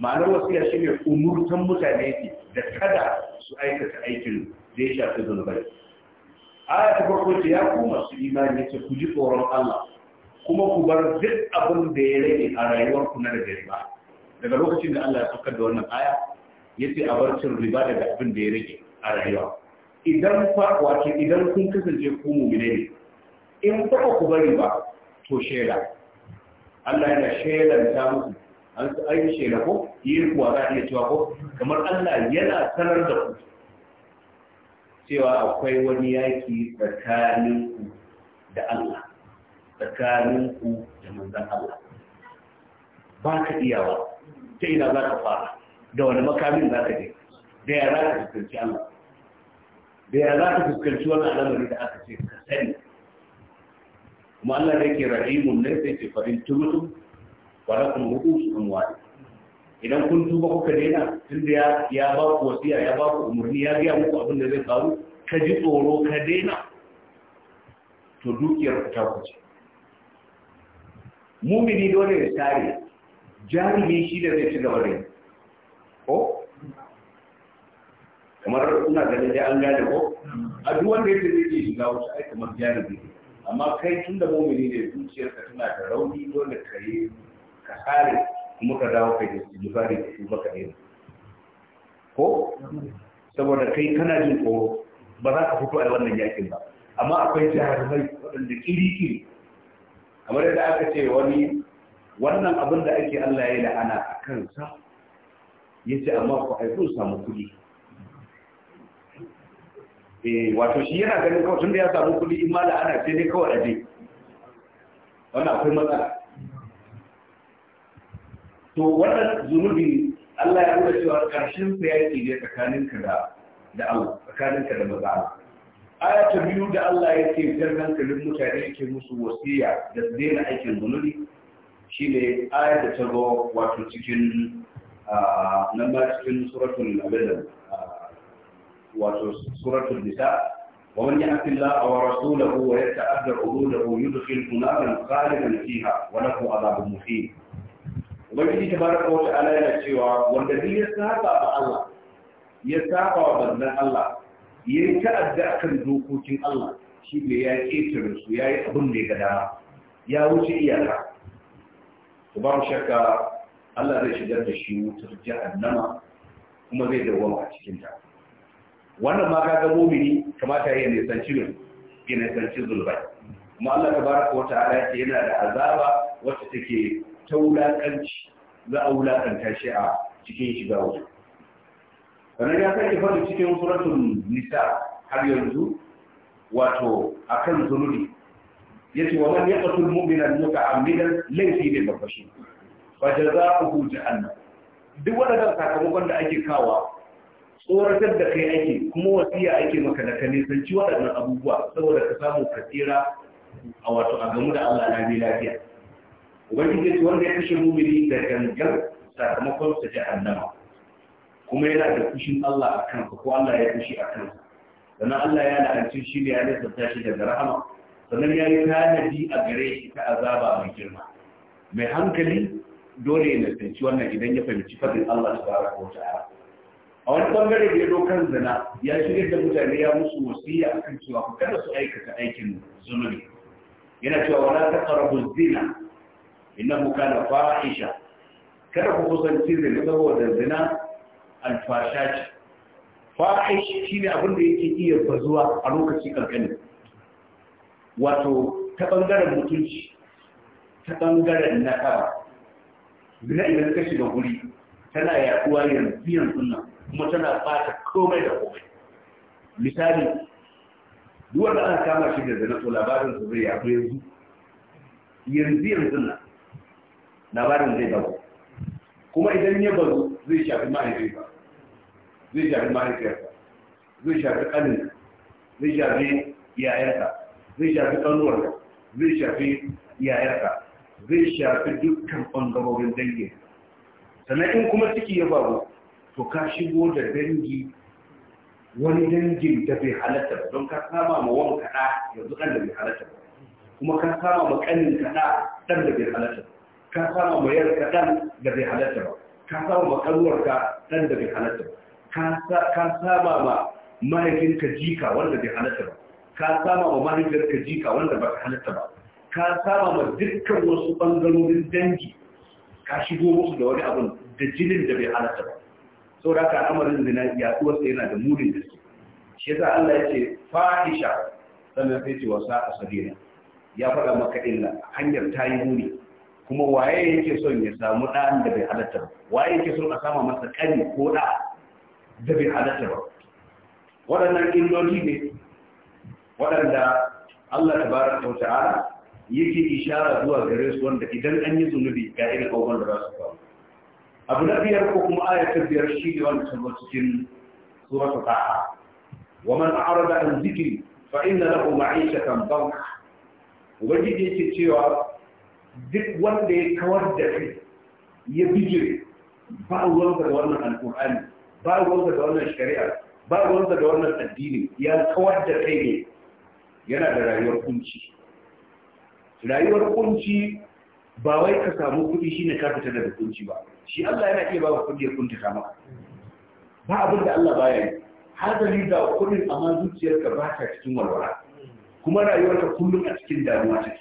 ma'anar wasiya shine umurtan mutane da kada su aikata aikin da ya shafi zunubai aya ta farko ce ya koma su imani ce ku ji tsoron Allah kuma ku bar duk abin da ya rage a rayuwar ku na da riba daga lokacin da Allah ya saukar da wannan aya yace a bar cin riba daga abin da ya rage a rayuwa idan fa wato idan kun kasance ku mu'mine ne in ba ku bari ba to shela Allah yana ta muku an su ayi shela ko yin kuwa za iya cewa ko kamar Allah yana sanar da ku cewa akwai wani yaki tsakanin ku da Allah tsakaninku da manzan Allah ba ka iyawa ta ina za ka fara da wani makamin za ka je da ya za ka fuskanci Allah da ya za ka fuskanci wani al'amari da aka ce ka sani kuma Allah da yake rahimun nan sai ce farin kuma wa su kan amwali idan kun tuba kuka daina tunda ya ya ba ku wasiya ya ba ku umurni ya biya muku abin da zai faru ka ji tsoro ka daina to dukiyar ku ta kuce mumini dole ya tare jarumi shi da zai ci gaba da ko kamar kuna ganin da an gane ko a duk wanda yake zai ke shiga wasu ai kamar jarumi amma kai tun da mumini ne zuciyarka tana da rauni dole ka yi ka tsare kuma ka dawo ka yi jibari ka su baka yi ko saboda kai kana jin ko ba za ka fito a wannan yakin ba amma akwai jarumai waɗanda kiri-kiri kamar yadda aka ce wani wannan abin da ake Allah ya la'ana a kansa ya ce amma ku haifun samu kuɗi eh, wato shi yana ganin kawai da ya samu kuɗi in ma la'ana sai dai kawai aje wannan akwai matsala to wannan zunubi Allah ya nuna cewa karshen sa yake ne tsakaninka da da Allah tsakaninka da maza aya ta biyu da Allah ya ce jan hankalin mutane yake musu wasiya da daina aikin zunubi shine aya da ta wato cikin nan ba cikin suratul abin wato suratul nisa ومن يأت الله ورسوله ويتأذى عبوده يدخل نارا خالدا فيها وله عذاب مهين وبيجي تبارك وتعالى يقول Allah? Ya الله يسابع بدل Allah? yayi yi ta'adda kan dokokin Allah shi ne ya ƙetare su ya yi abin da ya gada ya wuce iyaka to babu shakka Allah zai shigar da shi wutar jahannama kuma zai dawwama a cikin wannan ma ka ga mumini kamata ya nisanci ne ya nisanci zulbai kuma Allah yana da azaba wacce take ta wulakanci za a wulakanta shi a cikin shiga wuta sannan ya sake faɗi cikin suratun nisa har yanzu wato akan zunubi yace wa man yaqtul mu'mina muta'ammidan laysa bi babashi fa jazaohu jahannam duk wadannan sakamakon da ake kawa tsoratar da kai ake kuma wasiya ake maka da ka ci waɗannan abubuwa saboda ka samu ka tsira a wato a gamu da Allah na bi lafiya ubangiji ce wanda ya kashe mumini da gangan sakamakon sa jahannama kuma yana da fushin Allah a kansa ko Allah ya fushi a kansa sannan Allah ya la'anci shi ne ya nisanta shi daga rahama sannan ya yi tanadi a gare shi ta azaba mai girma mai hankali dole ya nisanci wannan idan ya fahimci fadin Allah subhanahu wa ta'ala a wani bangare da ya dokan zina ya shirya da mutane ya musu wasiya akan cewa ku kada su aikata aikin zunubi yana cewa wala taqrabu zina mu kana faisha kada ku kusanci zina saboda zina alfasha ce shi ne abin da yake iya bazuwa a lokaci kankani wato ta ɓangaren mutunci ta ɓangaren nasara zina idan ka shiga guri tana yaduwa yanzu yanzu nan kuma tana fata komai da komai misali duk wanda ana kama shi da zina to labarin su zai yaɗu yanzu yanzu yanzu nan labarin zai dawo kuma idan ya bazu zai shafi mahaifi ba zai shafi mahaifiyarsa zai shafi kanin zai shafi yayarsa zai shafi ƙanuwarsa zai shafi yayarsa zai shafi dukkan ɓangarorin dangi sannan in kuma ciki ya babu to ka shigo da dangi wani dangin da bai halatta ba don ka sama ma wani kaɗa yanzu ɗan da bai halatta ba kuma ka sama ma kanin kaɗa ɗan da bai halatta ba ka sama ma yarka dan da bai halatta ba ka sama ma ka dan da bai halatta ba ka sama ma mahaifinka jika wanda bai halatta ba ka sama ma mahaifinka jika wanda ba halatta ba ka sama ma dukkan wasu bangarorin dangi ka shigo musu da wani abun da jinin da bai halatta ba sau da ka amarin zina yaduwarsa yana da murin su shi yasa Allah ya ce fahisha sannan sai ce wasa a sabila ya faɗa maka illa hanyar ta yi muni kuma waye yake son ya samu ɗan da bai halatta ba waye yake son a sama masa ƙari ko ɗa da bai halatta ba waɗannan illoli ne waɗanda Allah ta bara ta ta'ala yake ishara zuwa gare su wanda idan an yi zunubi ga irin abubuwan da za su faru abu na biyar ko kuma aya ta biyar shi ne wanda ta zo cikin suratu ta'a wa man arada an zikri fa inna lahu ma'ishatan banka ubangiji yake cewa duk wanda ya kawar da kai ya bijire ba ruwansa da wannan alkur'ani ba ruwansa da wannan shari'a ba ruwansa da wannan addini ya kawar da kai ne yana da rayuwar kunci rayuwar kunci ba wai ka samu kuɗi ne ka fita daga kunci ba shi Allah yana iya ba ka kuɗi ya kunta ka maka ba abin da Allah baya yi hazali da kuɗin amma zuciyarka ba ta cikin walwala kuma rayuwarka kullum a cikin damuwa take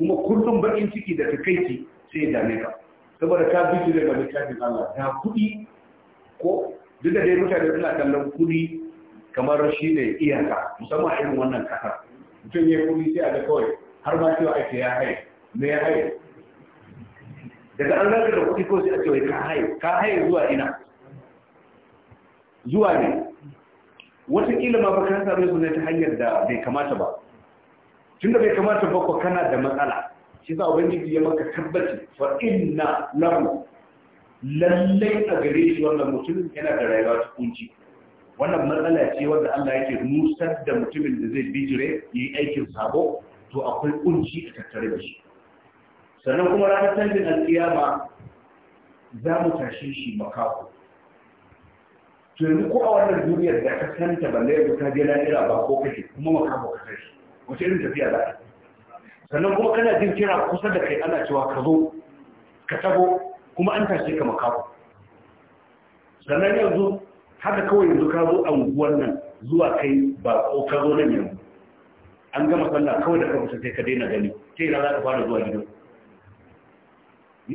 kuma kullum bakin ciki da takaici sai ya dame ka saboda ka bi da littafin Allah da kuɗi ko duk da dai mutane suna kallon kuɗi kamar shi ne iyaka musamman irin wannan kasa mutum ya kudi sai a ga kawai har ma cewa ake ya haye me ya haye daga an zaka da kuɗi ko sai a ce ka haye ka haye zuwa ina zuwa ne kila ma ba ka sa su ne ta hanyar da bai kamata ba tunda bai kamata ba ko kana da matsala shi za ubangiji ya maka tabbaci fa inna lahu lallai a gare shi wannan mutumin yana da rayuwa ta kunci wannan matsala ce wanda Allah yake nusar da mutumin da zai bijire yi aikin sabo to akwai kunci a tattare da shi sannan kuma ranar tanjin alkiyama za mu tashi shi makaho to yanzu ko a wannan duniyar da ka santa balle ya je lahira ba ko kake kuma makaho ka tashi wace irin tafiya za a sannan kuma kana jin kira kusa da kai ana cewa ka zo ka tabo kuma an tashe ka makawo sannan yanzu haka kawai yanzu ka zo anguwar nan zuwa kai ba ko ka zo nan yanzu an gama sallah kawai da kawai sai ka daina gani sai ina za ka fara zuwa gidan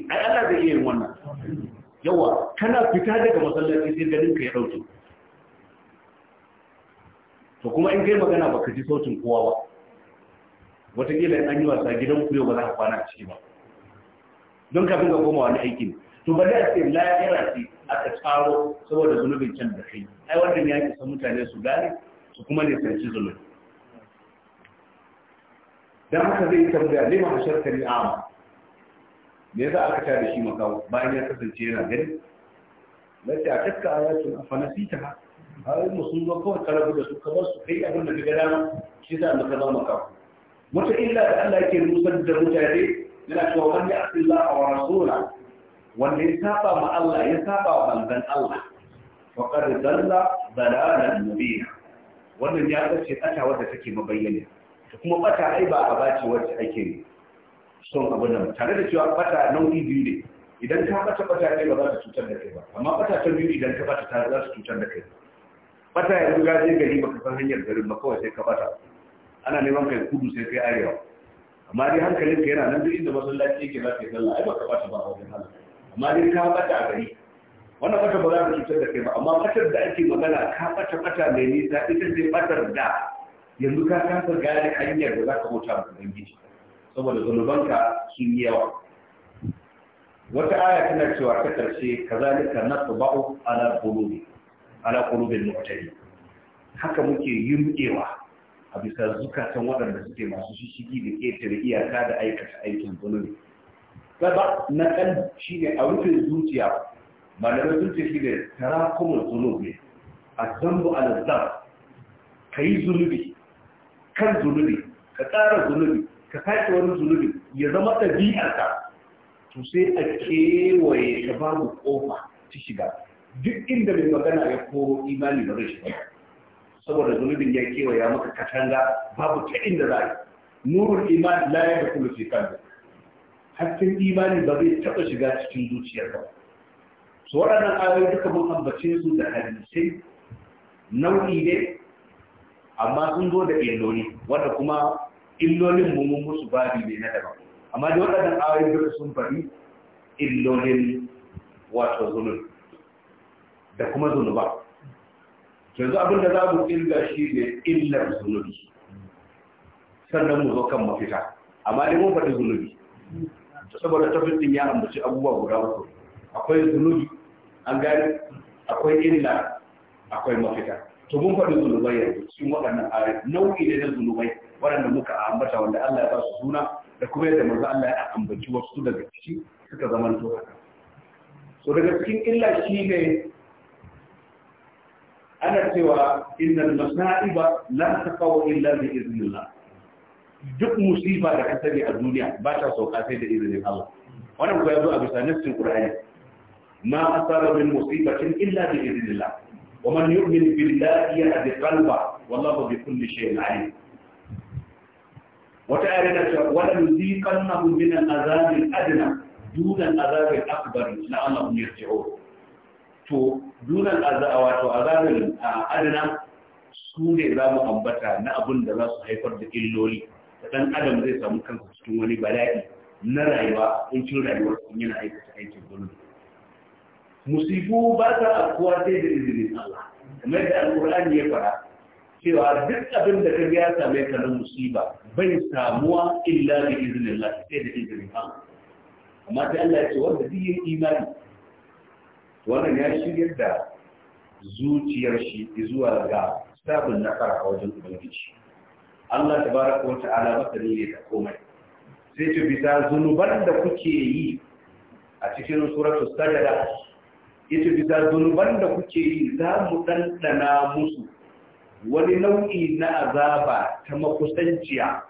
ai ana zai iya yin wannan yawa kana fita daga masallaci sai ganin ka ya dauke to kuma in kai magana baka ji sautin kowa ba wataƙila in an yi wasa gidan ku yau ba za ka kwana a ciki ba don kafin ka koma wani aikin to ba da ce la'ira ce aka tsaro saboda zunubin can da kai ai wannan ya kisa mutane su gane su kuma ne sarki zunubi dan haka zai tambaya ne ma hashar kari ama me yasa aka ta da shi makawo bayan ya kasance yana gani lafiya a tattaka ayatun afanasita ha har mu sun zo kawai karabu da su kamar su kai abin da ga gada shi za an da ka zama makawo wata illa da Allah yake rusar da mutane yana cewa wani ya fi Allah wa rasula wanda ya saba ma Allah ya saba wa manzon Allah wa qad dalla dalalan mubin wannan ya kace kata wadda take mabayyana to kuma bata ai ba aba ce wacce ake son abu nan tare da cewa bata nau'i biyu ne idan ka bata bata ne ba za ta cutar da kai ba amma bata ta biyu idan ka bata ta za ta cutar da kai bata yanzu zai gari baka san hanyar garin ba kawai sai ka bata ana neman kai kudu sai kai arewa amma dai hankalin ka yana nan duk inda masallaci yake za ka yi sallah ai ba ka bata ba wajen Allah amma dai ka bata a gari wannan bata ba za ka cutar da kai ba amma batar da ake magana ka bata bata mai nisa ita ce batar da yanzu ka kasa gane hanyar da za ka bauta ma ubangiji saboda zanubanka sun yi yawa wata aya tana cewa ta karshe kazalika natba'u ala qulubi ala qulubil mu'tadi haka muke yimkewa a bisa zukatan waɗanda suke masu shishigi da da iyaka da aikata aikin zunubi Saba na ɗan shi ne a rufin zuciya malamai sun ce shi ne kuma zunubi a zambu nazar, ka yi zunubi kan zunubi ka tsara zunubi ka sake wani zunubi ya zama ɗabi'arka to sai a kewaye ka babu ƙofa ta shiga duk inda mai magana ya koro imani da rashin shiga saboda zunubin ya kewaya maka katanga babu ta inda za a yi nurul iman la ya da kullu fi qalbi hakkin imani ba zai taɓa shiga cikin zuciyar ba so waɗannan ayoyi duka mun ambace su da hadisai nau'i ne amma sun zo da illoli wanda kuma illolin mu mun musu babi ne na daban amma da waɗannan ayoyi duka sun faɗi illolin wato zunubi da kuma zunuba yanzu abin da za mu kirga shi ne illar zunubi sannan mu zo kan mafita amma dai mun faɗi zunubi saboda tafisin ya ambaci abubuwa guda uku akwai zunubi an gani akwai illa akwai mafita to mun faɗi zunubai yanzu cikin waɗannan a nau'i ne na zunubai waɗanda muka ambata wanda Allah ya ba su suna da kuma yadda manzo Allah ya ambaci wasu daga ciki suka zama to haka so daga cikin illa shi ne ana cewa innal masa'iba la taqaw illa bi iznillah duk musiba da ka sani a duniya ba ta sauka sai da izinin Allah wannan ko yazo a bisa nassin Qur'ani ma asara min musibatin illa bi iznillah wa man yu'min billahi yahdi qalba wallahu bi kulli shay'in alim wata ayar da cewa wa lam yuziqannahum min al-azabi al-adna duna al-azabi al-akbar la'annahum yarji'un to dunan azawa to azabin adana su ne za mu ambata na abin da za su haifar da illoli da ɗan adam zai samu kansa cikin wani bala'i na rayuwa kuncin rayuwar sun yana aikata aikin zulmi musifu ba ta afkuwa sai da izinin Allah kamar da alƙur'ani ya fara cewa duk abin da kaga ya same ka na musiba bai samuwa illa bi izinin Allah sai da izinin Allah amma sai Allah ya ce wanda duk yin imani wannan ya shirya da zuciyar shi zuwa ga sabon nasara a wajen ubangiji Allah tabaraka wa ta'ala masani ne da komai sai ce bisa zunuban da kuke yi a cikin suratul sajada yace bisa zunuban da kuke yi za mu dandana musu wani nau'i na azaba ta makusanciya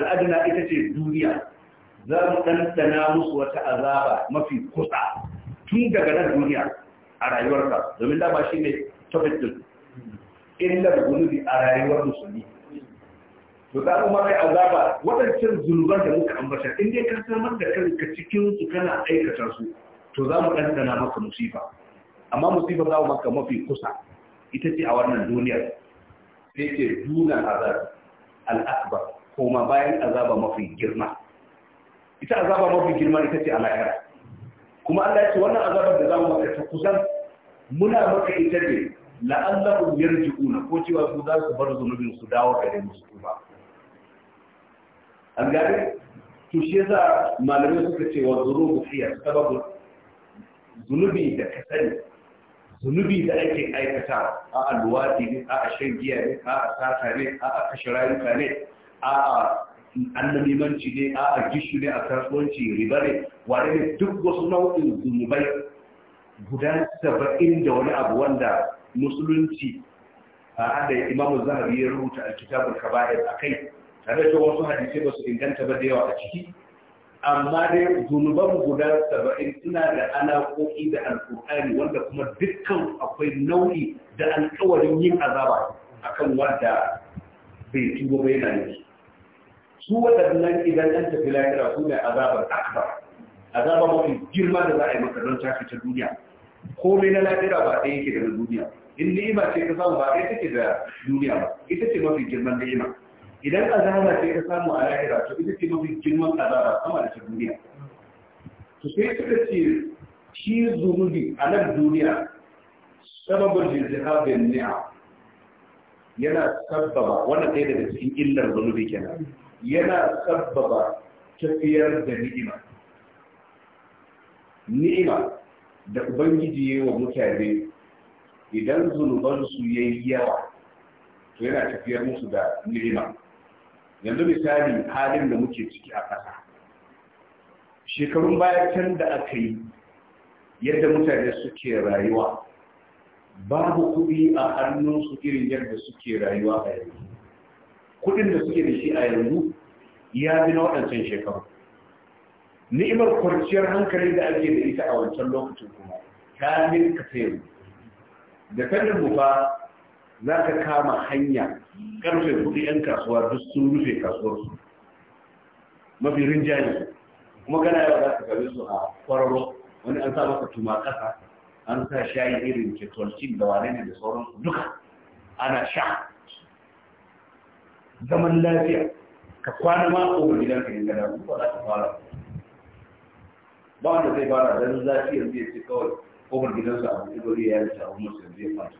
al'adina ita ce duniya za mu dandana musu wata azaba mafi kusa tun daga nan duniya a rayuwarka domin dama shi ne topic din illar zunubi a rayuwar musulmi to za mu mai azaba waɗancan zunuban da muka ambata in dai ka samar da kanka cikin su kana aikata su to za mu ɗanɗana maka musifa amma musifa za mu maka mafi kusa ita ce a wannan duniyar sai ke duna azabi al'akbar kuma bayan azaba mafi girma ita azaba mafi girma ita ce a lahira kuma Allah ya ce wannan azabar da zamu maka ta kusan muna maka ita ne la'allahum yarji'una ko cewa su za su bar zunubin su dawo gare mu su ba an gare to shi yasa malamai suka ce wa zurubu fiya sababu zunubi da ka sani zunubi da ake aikata a alwadi ne a shan giya ne a sata ne a kashe rayuka ne a annabimanci ne a a gishu ne a kasuwanci riba ne wane ne duk wasu nau'in zunubai guda saba'in da wani abu wanda musulunci a da imamu zahari ya rubuta a kitabul kaba'ir a kai tare da wasu hadisai ba su inganta ba da yawa a ciki amma dai zunuban guda saba'in suna da alaƙoƙi da alƙur'ani wanda kuma dukkan akwai nau'i da alƙawarin yin azaba akan wanda bai tuba bai na nufi su waɗannan idan an tafi lahira su ne azabar akbar azaba mafi girma da za a yi maka don tafi ta duniya komai na lahira ba ɗaya yake da duniya in ni'ima ce ka samu ba ɗaya take da duniya ba ita ce mafi girman ni'ima idan azaba ce ka samu a lahira to ita ce mafi girman azaba sama da ta duniya to sai suka ce shi zunubi a nan duniya sababin jirgin ni'a yana sabbaba wannan ɗaya daga cikin illar zunubi kenan yana sabbaba tafiyar da ni'ima ni'ima da ubangiji ya wa mutane idan zunubansu ya yi yawa to yana tafiyar musu da ni'ima yanzu misali halin da muke ciki a ƙasa shekarun baya can da aka yi yadda mutane suke rayuwa babu kuɗi a hannunsu irin yadda suke rayuwa a yanzu kuɗin da suke da shi a yanzu ya bi na waɗancan shekaru ni'imar kwanciyar hankali da ake da ita a wancan lokacin kuma ta ka sayar da kanin mu fa za ka kama hanya karfe kuɗi 'yan kasuwa duk sun rufe kasuwarsu mafi rinjani kuma kana yawa za ka gabe su a kwararo wani an sa masa tuma ƙasa an sa shayi irin ke-tall tolcin da wane ne da sauransu duka ana sha zaman lafiya ka kwana ma kofar gidan ka yanka da ku ba za ka fara ba wanda zai fara dan zafi yanzu ya ce kawai gidan gidansa a wani gari ya yi sabon musu yanzu zai fara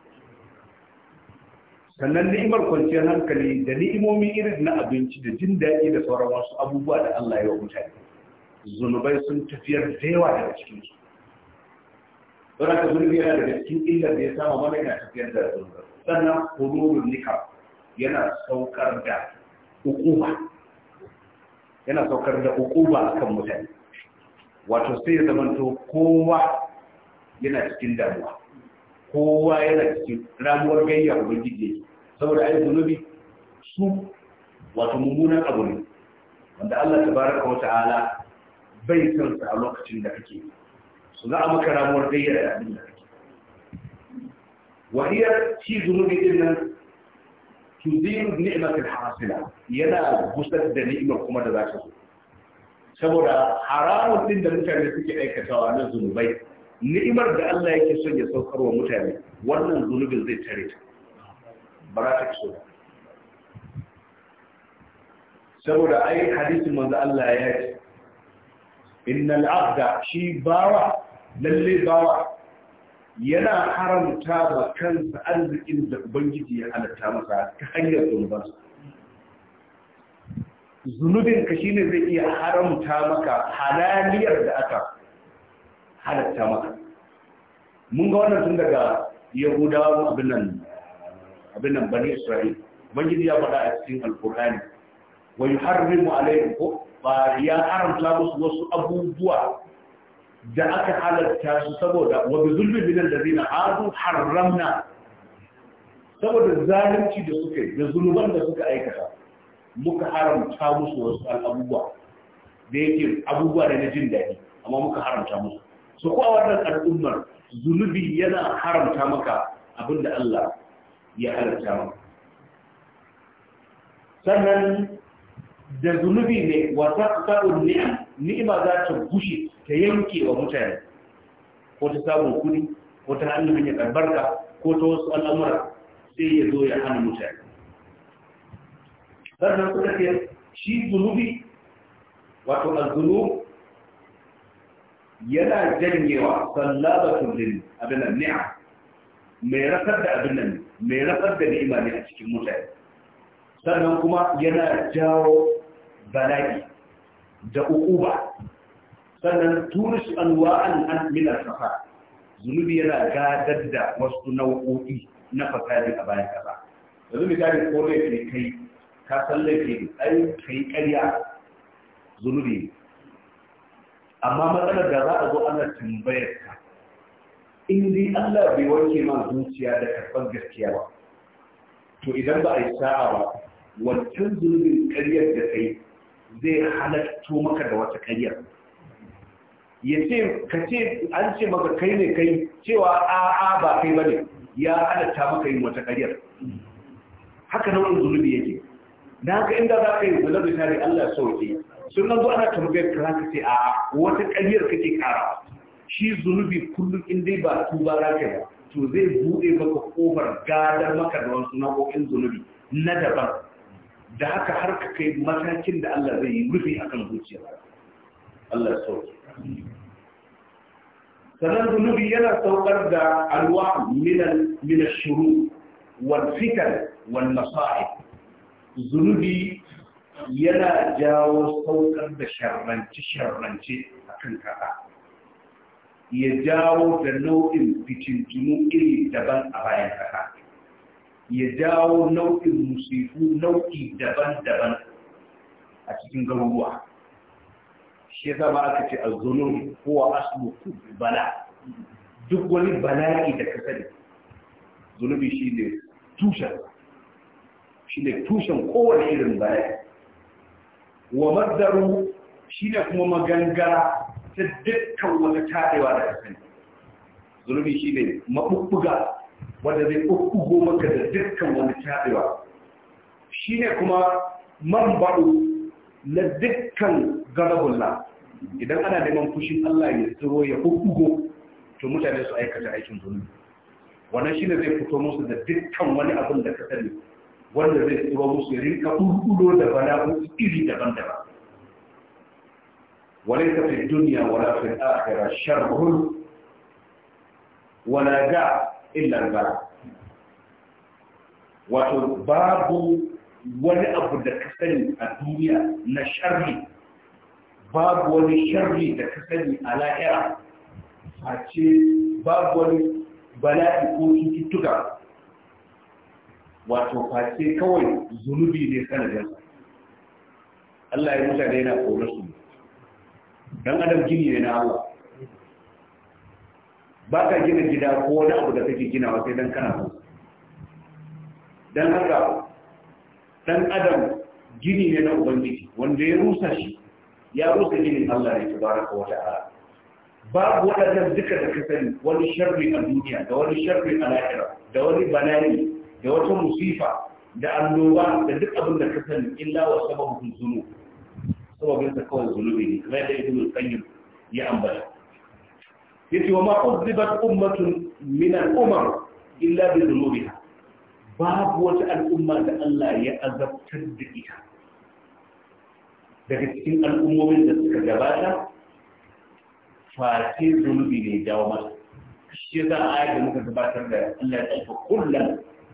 sannan ni'imar kwanciyar hankali da ni'imomi irin na abinci da jin daɗi da sauran wasu abubuwa da Allah ya wa mutane zunubai sun tafiyar da yawa daga cikin su don haka zunubi yana daga cikin illar da ya sama mana yana tafiyar da zunubai sannan hulurun nika yana saukar da hukuma yana saukar da hukuma akan mutane wato sai ya zamanto kowa yana cikin damuwa kowa yana cikin ramuwar gayya ubangiji yake saboda ayi zunubi su wato mummunan abu ne wanda Allah tabaraka wa ta'ala bai san sa a lokacin da kake su za a maka ramuwar gayya da abin da kake wahiyar ci zunubi din nan tuziru ni'matil hasila yana gusar da ni'imar kuma da za ta zo saboda haramun din da mutane suke aikatawa na zunubai ni'imar da Allah yake son ya saukar wa mutane wannan zunubin zai tare ta ba za ta so saboda ai hadisin manzo Allah ya ce innal abda shi bawa lalle bawa yana haramta ba kansa arzikin da ubangiji ya halatta masa ta hanyar zunubansa zunubinka shi ne zai iya haramta maka halaliyar da aka halatta maka mun ga wannan tun daga yahudawa abin nan bani isra'il ubangiji ya faɗa a cikin alkur'ani wa yuharrimu alaikum ko ba ya haramta musu wasu abubuwa da aka halarta su saboda wa bi zulmin min allazina hadu haramna saboda zalunci da suka yi da zulman da suka aikata muka haramta musu wasu al'abubuwa da yake abubuwa da na jin daɗi amma muka haramta musu su kuwa wannan al'ummar zunubi yana haramta maka abinda Allah ya haramta maka sannan da zulubi ne wata ƙasarun ni'ima za ta gushe ta yanke wa mutane ko ta samun kudi ko ta hannun hanyar albarka ko ta wasu al'amura sai ya zo ya hana mutane sannan suka ce shi zunubi wato azunu yana janyewa sallaba lil abin mai rasar da abin nan mai rasar da ni'ima ne a cikin mutane sannan kuma yana jawo bala'i da ukuba sannan turis anwa'an an min al zunubi yana gadar da wasu nau'o'i na fasadi a bayan kasa yanzu misali ko ke kai ka san laifi ai kai ƙarya zunubi amma matsalar da za a zo ana tambayar ka in dai Allah bai wanke ma zuciya da karɓar gaskiya ba to idan ba a yi sa'a ba wancan zunubin ƙaryar da kai zai halatto maka da wata ƙaryar ya ce ka ce an ce maka kai ne kai cewa a'a ba kai bane ya halatta maka yin wata ƙaryar haka nau'in zunubi yake da haka inda za ka yi ta da Allah sauke sun nan zo ana tambayar ka za ce a wata ƙaryar kake ƙara shi zunubi kullum in dai ba tuba za ka to zai buɗe maka ƙofar gadar maka da wasu nau'o'in zunubi na daban da haka har ka kai matakin da Allah zai yi rufi akan zuciya Allah sauke sannan zunubi yana saukar da alwa min shuru wal fikar wal zunubi yana jawo saukar da sharrance sharrance a kan kaɗa ya jawo da nau'in fitintunu iri daban a bayan kaɗa ya jawo nau'in musifu nau'i daban-daban a cikin garuruwa shi yasa ma aka ce az-zulum huwa aslu kulli bala duk wani bala'i da ka sani zunubi shine tushen shine tushen kowace irin bala'i wa madaru shine kuma magangara ta dukkan wani tadewa da ka sani zunubi shine mabubbuga wanda zai ɓuɓɓugo maka da dukkan wani taɗewa shi ne kuma man baɗo na dukkan garabulla idan ana neman fushin Allah ya tsiro ya hukugo to mutane su aikata aikin zunubi wannan shine zai fito musu da dukkan wani abin da ka sani wanda zai tsiro musu rinka hukkudo da ko iri daban-daban وليس في wala ولا في الآخرة شر wala داء إلا البلاء wato babu wani abu da ka sani a duniya na sharri babu wani sharri da ka sani a la'ira a ce babu wani bala'i ko cututtuka wato face kawai zunubi ne sanadinsa Allah ya mutane yana kore su dan adam gini ne na Allah ba ka gina gida ko wani abu da kake ginawa sai dan kana so dan haka dan adam gini ne na ubangiji wanda ya rusa shi ya rusa ilimin Allah ne tabaraka wa ta'ala babu waɗannan duka da ka sani wani sharri a duniya da wani sharri a lahira da wani banani da wata musifa da annoba da duk abin da ka sani illa wa sababun zunu sababin sa kawai zunubi ne kamar yadda ibnu qayyim ya ambata yace wa ma uzibat ummatun min al-umam illa bi dhunubiha babu wata al'umma da Allah ya azabtar da ita daga cikin al'ummomin da suka gabata face zunubi ne jawo masa shi yasa ayar da muka gabatar da Allah ya tsaka kullum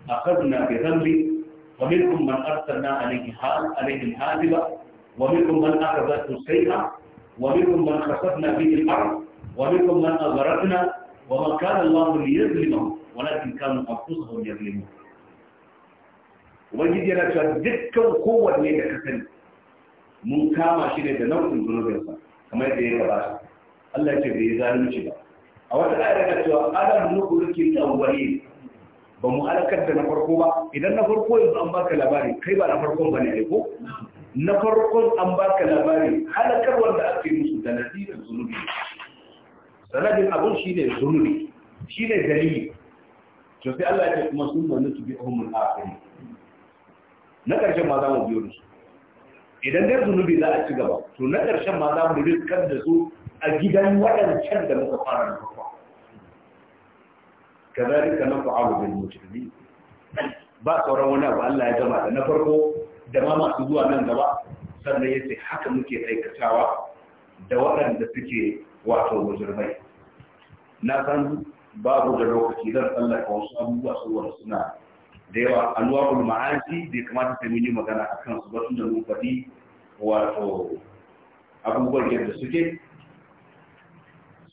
akhadna bi dhanbi wa minkum man arsalna alayhi hal alayhi hadiba wa minkum man akhadathu sayha wa minkum man khasafna na al-ard wa minkum man aghraqna wa ma kana Allah liyazlimahum walakin kanu anfusahum yazlimun ubangiji yana cewa dukkan kowanne da ka sani mun kama shi ne da nau'in zunubinsa kamar da ya gabata Allah ya ce bai zalunci ba a wata ayar da cewa alam nukurki tawwali ba mu alakar da na farko ba idan na farko yanzu an baka labari kai ba na farkon ba ne ko na farkon an baka labari halakar wanda ake musu da nasirin zunubi sanadin abun shine zunubi shine dalili to sai Allah ya ce kuma sun manu bi ummul akhir na karshen ma za mu biyo da su idan dai zunubi za a ci gaba to na ƙarshen ma za mu riskar da su a gidan waɗancan da muka fara da farko kazalika na fa'alu bil mujrimin ba sauran wani abu Allah ya gama da na farko da ma masu zuwa nan gaba sannan yace haka muke aikatawa da waɗanda suke wato mujrimai na san babu da lokaci zan tsallaka wasu abubuwa su saboda suna da yawa anwarul ma'asi bai kamata sai mun yi magana a kan ba tunda mun faɗi wato abubuwan yadda suke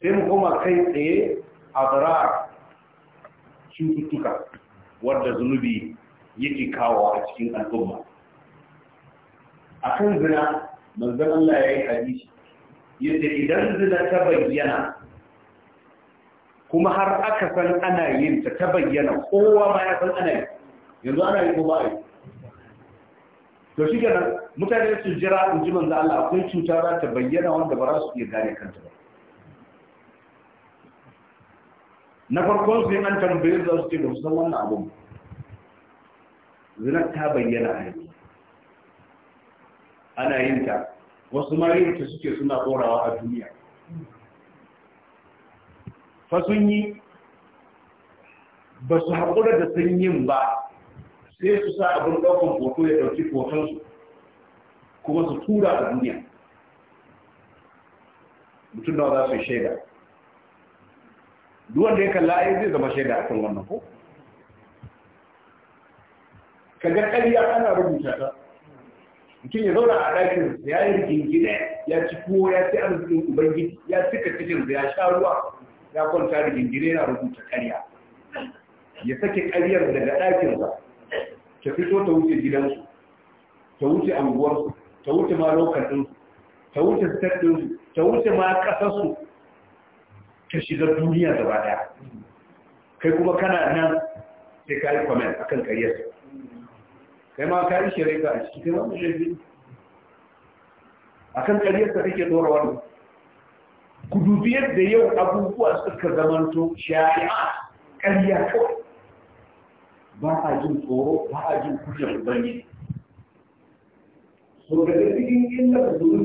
sai mu koma kai tsaye a zara cututtuka wadda zunubi yake kawo a cikin al'umma a kan zina manzan Allah ya yi hadisi yadda idan zina ta bayyana kuma har aka san ana yin ta ta bayyana kowa ma ya san ana yin yanzu ana yi ko ba yi to shi kenan mutane su jira in ji manzo Allah akwai cuta za ta bayyana wanda ba za su iya gane kanta ba na farkon su an tambaye za su ce da san wannan abun zina ta bayyana a yanzu ana yin ta wasu ma yin ta suke suna korawa a duniya fa sun yi ba su haƙura da sun yin ba sai su sa abin ɗaukan hoto ya ɗauki hotonsu kuma su tura a duniya mutum da za su yi shaida duwanda ya kalla ai zai zama shaida a kan wannan ko ga ƙarya ana rubuta ta mutum ya zauna a ɗakin ya yi rigingine ya ci tuwo ya ci arzikin ubangiji ya cika cikin ya sha ruwa ya kwanta rigingine na rubuta ƙarya ya sake ƙaryar daga ɗakinsa ta fito ta wuce gidansu ta wuce anguwarsu ta wuce ma lokacin ta wuce stadinsu ta wuce ma kasarsu ta shiga duniya ba daya kai kuma kana nan sai ka yi kwamen kan karyarsa kai ma ka yi shirika a ciki kai A kan akan karyarsa kake dora wani ku dubi yadda yau abubuwa suka zamanto shari'a karya kawai ba a jin tsoro ba a jin kujar ubangiji so daga cikin illar zunubi